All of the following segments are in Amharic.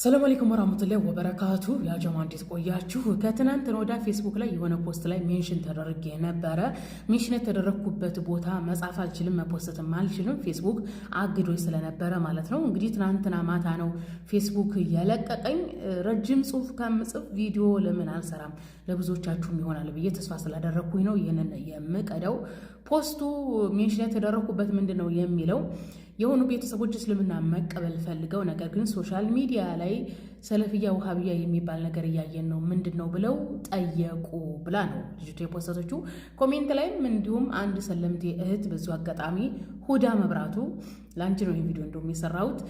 ሰላም አለይኩም ወራህመቱላሂ ወበረካቱ። ያ ጀማ እንዴት ቆያችሁ? ከትናንት ወዳ ፌስቡክ ላይ የሆነ ፖስት ላይ ሜንሽን ተደርጌ ነበረ። ሜንሽን የተደረግኩበት ቦታ መጻፍ አልችልም፣ መፖስትም አልችልም። ፌስቡክ አግዶ ስለነበረ ማለት ነው። እንግዲህ ትናንትና ማታ ነው ፌስቡክ የለቀቀኝ። ረጅም ጽሁፍ ከምጽፍ ቪዲዮ ለምን አልሰራም ለብዙዎቻችሁም ይሆናል ብዬ ተስፋ ስላደረግኩኝ ነው ይህንን የምቀደው። ፖስቱ ሜንሽን የተደረግኩበት ምንድን ነው የሚለው የሆኑ ቤተሰቦች እስልምና መቀበል ፈልገው ነገር ግን ሶሻል ሚዲያ ላይ ሰለፍያ ውሃብያ የሚባል ነገር እያየን ነው ምንድን ነው ብለው ጠየቁ ብላ ነው ልጅቱ የፖስተቶቹ ኮሜንት ላይም እንዲሁም አንድ ሰለምቴ እህት በዙ አጋጣሚ ሁዳ መብራቱ ለአንቺ ነው ይህ ቪዲዮ እንደውም የሰራሁት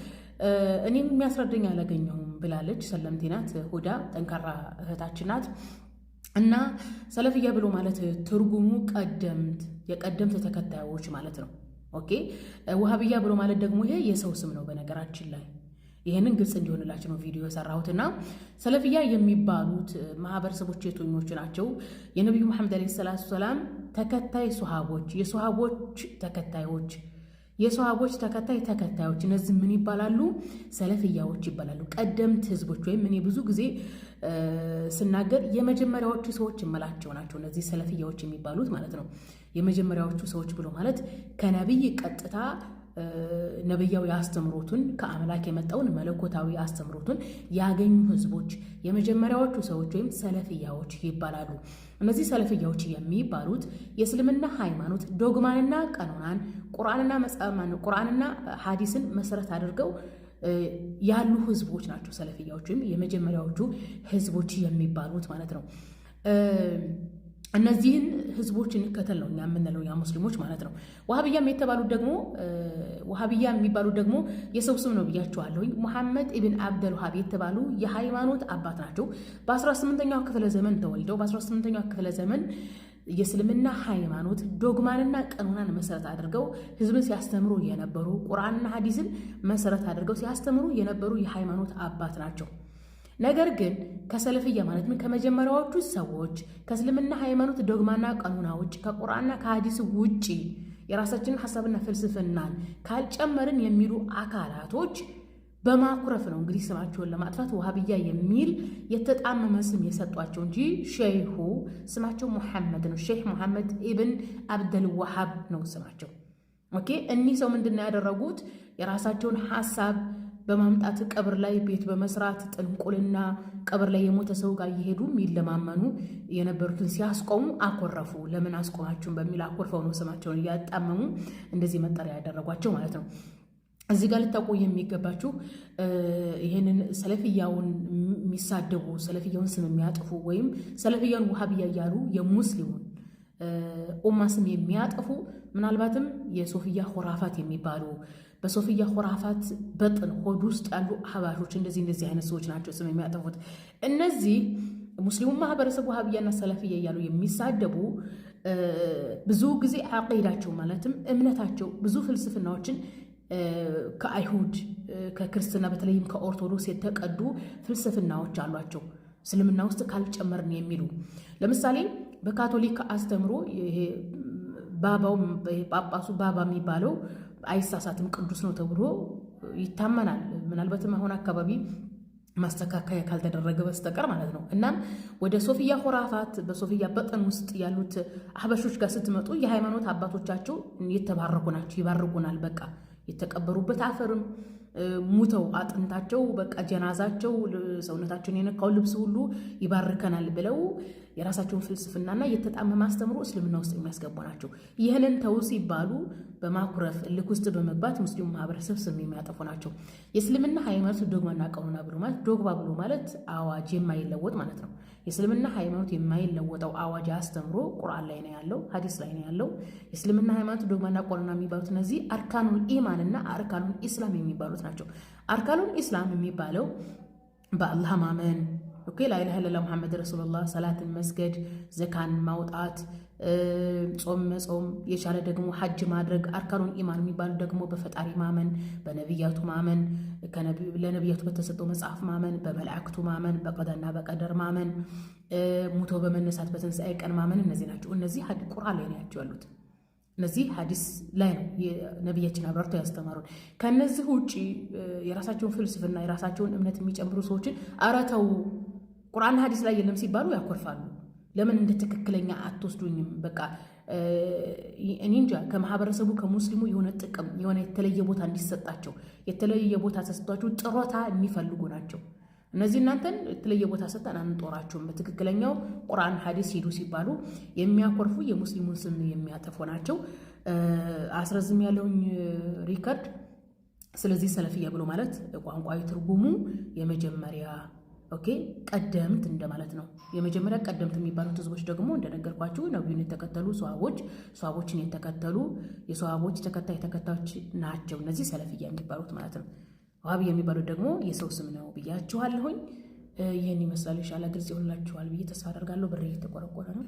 እኔም የሚያስረዳኝ አላገኘሁም ብላለች። ሰለምቴ ናት ሁዳ፣ ጠንካራ እህታችን ናት። እና ሰለፍያ ብሎ ማለት ትርጉሙ ቀደምት የቀደምት ተከታዮች ማለት ነው። ኦኬ ብሎ ማለት ደግሞ ይሄ የሰው ስም ነው። በነገራችን ላይ ይህንን ግልጽ እንዲሆንላቸው ነው ቪዲዮ የሰራሁትና ሰለፍያ የሚባሉት ማህበረሰቦች የቶኞች ናቸው? የነቢዩ መሐመድ ዓለይሂ ሰላቱ ሰላም ተከታይ ሶሃቦች፣ የሶሃቦች ተከታዮች የሰዋቦች ተከታይ ተከታዮች እነዚህ ምን ይባላሉ? ሰለፍያዎች ይባላሉ። ቀደምት ህዝቦች ወይም እኔ ብዙ ጊዜ ስናገር የመጀመሪያዎቹ ሰዎች እመላቸው ናቸው። እነዚህ ሰለፍያዎች የሚባሉት ማለት ነው። የመጀመሪያዎቹ ሰዎች ብሎ ማለት ከነቢይ ቀጥታ ነብያዊ አስተምሮቱን ከአምላክ የመጣውን መለኮታዊ አስተምሮቱን ያገኙ ህዝቦች የመጀመሪያዎቹ ሰዎች ወይም ሰለፍያዎች ይባላሉ። እነዚህ ሰለፍያዎች የሚባሉት የእስልምና ሃይማኖት ዶግማንና ቀኖናን ቁርአንና ቁርአንና ሀዲስን መሰረት አድርገው ያሉ ህዝቦች ናቸው። ሰለፍያዎች ወይም የመጀመሪያዎቹ ህዝቦች የሚባሉት ማለት ነው። እነዚህን ህዝቦች እንከተል ነው እኛ የምንለው ያ ሙስሊሞች ማለት ነው። ዋሃብያም የተባሉት ደግሞ ዋሃብያ የሚባሉት ደግሞ የሰው ስም ነው ብያቸዋለሁ። ሙሐመድ ኢብን አብደል ውሃብ የተባሉ የሃይማኖት አባት ናቸው። በ18ኛው ክፍለ ዘመን ተወልደው በ18ኛው ክፍለ ዘመን የእስልምና ሃይማኖት ዶግማንና ቀኖናን መሰረት አድርገው ህዝብን ሲያስተምሩ የነበሩ ቁርአንና ሀዲስን መሰረት አድርገው ሲያስተምሩ የነበሩ የሃይማኖት አባት ናቸው። ነገር ግን ከሰለፍያ ማለት ምን ከመጀመሪያዎቹ ሰዎች ከእስልምና ሃይማኖት ዶግማና ቀኖናዎች ከቁርአንና ከሀዲስ ውጪ የራሳችንን ሀሳብና ፍልስፍናን ካልጨመርን የሚሉ አካላቶች በማኩረፍ ነው እንግዲህ ስማቸውን ለማጥፋት ውሃብያ የሚል የተጣመመ ስም የሰጧቸው እንጂ ሼሁ ስማቸው ሙሐመድ ነው። ሼህ ሙሐመድ ኢብን አብደልዋሃብ ነው ስማቸው። ኦኬ እኒህ ሰው ምንድን ነው ያደረጉት? የራሳቸውን ሀሳብ በማምጣት ቀብር ላይ ቤት በመስራት ጥንቁልና ቀብር ላይ የሞተ ሰው ጋር እየሄዱ የሚለማመኑ የነበሩትን ሲያስቆሙ አኮረፉ። ለምን አስቆማችሁን በሚል አኮርፈው ነው ስማቸውን እያጣመሙ እንደዚህ መጠሪያ ያደረጓቸው ማለት ነው። እዚህ ጋር ልታውቁ የሚገባችሁ ይህንን ሰለፍያውን የሚሳደቡ ሰለፍያውን ስም የሚያጥፉ ወይም ሰለፍያውን ውሃብያ እያሉ የሙስሊሙን ኡማ ስም የሚያጥፉ ምናልባትም የሶፍያ ሁራፋት የሚባሉ በሶፍያ ሁራፋት በጥን ሆድ ውስጥ ያሉ አህባሾች እንደዚህ እንደዚህ አይነት ሰዎች ናቸው ስም የሚያጠፉት እነዚህ ሙስሊሙ ማህበረሰብ ሀብያና ሰለፍያ እያሉ የሚሳደቡ ብዙ ጊዜ አቂዳቸው ማለትም እምነታቸው ብዙ ፍልስፍናዎችን ከአይሁድ ከክርስትና በተለይም ከኦርቶዶክስ የተቀዱ ፍልስፍናዎች አሏቸው እስልምና ውስጥ ካልጨመርን የሚሉ ለምሳሌ በካቶሊክ አስተምሮ ባባው ጳጳሱ ባባ የሚባለው አይሳሳትም ቅዱስ ነው ተብሎ ይታመናል። ምናልባትም አሁን አካባቢ ማስተካከያ ካልተደረገ በስተቀር ማለት ነው። እናም ወደ ሶፊያ ሆራፋት በሶፊያ በጠን ውስጥ ያሉት አህበሾች ጋር ስትመጡ የሃይማኖት አባቶቻቸው የተባረኩ ናቸው፣ ይባርኩናል። በቃ የተቀበሩበት አፈርም ሙተው አጥንታቸው በቃ ጀናዛቸው ሰውነታቸውን የነካው ልብስ ሁሉ ይባርከናል ብለው የራሳቸውን ፍልስፍናና የተጣመመ አስተምሮ እስልምና ውስጥ የሚያስገቡ ናቸው። ይህንን ተው ሲባሉ በማኩረፍ እልክ ውስጥ በመግባት ሙስሊሙ ማህበረሰብ ስም የሚያጠፉ ናቸው። የእስልምና ሃይማኖት ዶግማና ቀኖና ብሎ ማለት ዶግማ ብሎ ማለት አዋጅ የማይለወጥ ማለት ነው። የእስልምና ሃይማኖት የማይለወጠው አዋጅ አስተምሮ ቁርአን ላይ ነው ያለው፣ ሀዲስ ላይ ነው ያለው። የእስልምና ሃይማኖት ዶግማና ቀኖና የሚባሉት እነዚህ አርካኑን ኢማንና አርካኑን ኢስላም የሚባሉት ናቸው። አርካኑን ኢስላም የሚባለው በአላህ ማመን ኦኬ ላኢላሀ ኢለላህ ሙሐመድ ረሱሉላህ ሰላትን መስገድ፣ ዘካን ማውጣት፣ ጾም መጾም የቻለ ደግሞ ሐጅ ማድረግ፣ አርካኑን ኢማን የሚባሉ ደግሞ በፈጣሪ ማመን፣ በነቢያቱ ማመን፣ ለነቢያቱ በተሰጠው መጽሐፍ ማመን፣ በመላእክቱ ማመን፣ በቀዳና በቀደር ማመን፣ ሙቶ በመነሳት በትንሣኤ ቀን ማመን። እነዚህ ናቸው። እነዚህ ቁርአን ላይ ያቸው ያሉት። እነዚህ ሐዲስ ላይ ነው ነቢያችን አብራርተው ያስተማሩን። ከነዚህ ውጭ የራሳቸውን ፍልስፍና የራሳቸውን እምነት የሚጨምሩ ሰዎችን አረተው ቁርአን ሀዲስ ላይ የለም ሲባሉ ያኮርፋሉ። ለምን እንደ ትክክለኛ አትወስዱኝም? በቃ እኔ እንጃ። ከማህበረሰቡ ከሙስሊሙ የሆነ ጥቅም የሆነ የተለየ ቦታ እንዲሰጣቸው የተለየ ቦታ ተሰጥቷቸው ጥሮታ የሚፈልጉ ናቸው። እነዚህ እናንተን የተለየ ቦታ ሰጠን አንጦራቸውም። በትክክለኛው ቁርአን ሀዲስ ሂዱ ሲባሉ የሚያኮርፉ የሙስሊሙን ስም የሚያጠፉ ናቸው። አስረዝም ያለውኝ ሪከርድ። ስለዚህ ሰለፍያ ብሎ ማለት ቋንቋዊ ትርጉሙ የመጀመሪያ ኦኬ ቀደምት እንደማለት ነው። የመጀመሪያ ቀደምት የሚባሉት ህዝቦች ደግሞ እንደነገርኳችሁ ነቢዩን የተከተሉ ሰዋቦች፣ ሰዋቦችን የተከተሉ የሰዋቦች ተከታይ ተከታዮች ናቸው። እነዚህ ሰለፍያ የሚባሉት ማለት ነው። ዋብ የሚባሉት ደግሞ የሰው ስም ነው ብያችኋለሁኝ። ይህን ይመስላል። ኢንሻላህ ግልጽ ይሆንላችኋል ብዬ ተስፋ አደርጋለሁ። ብሬ የተቆረቆረ ነው።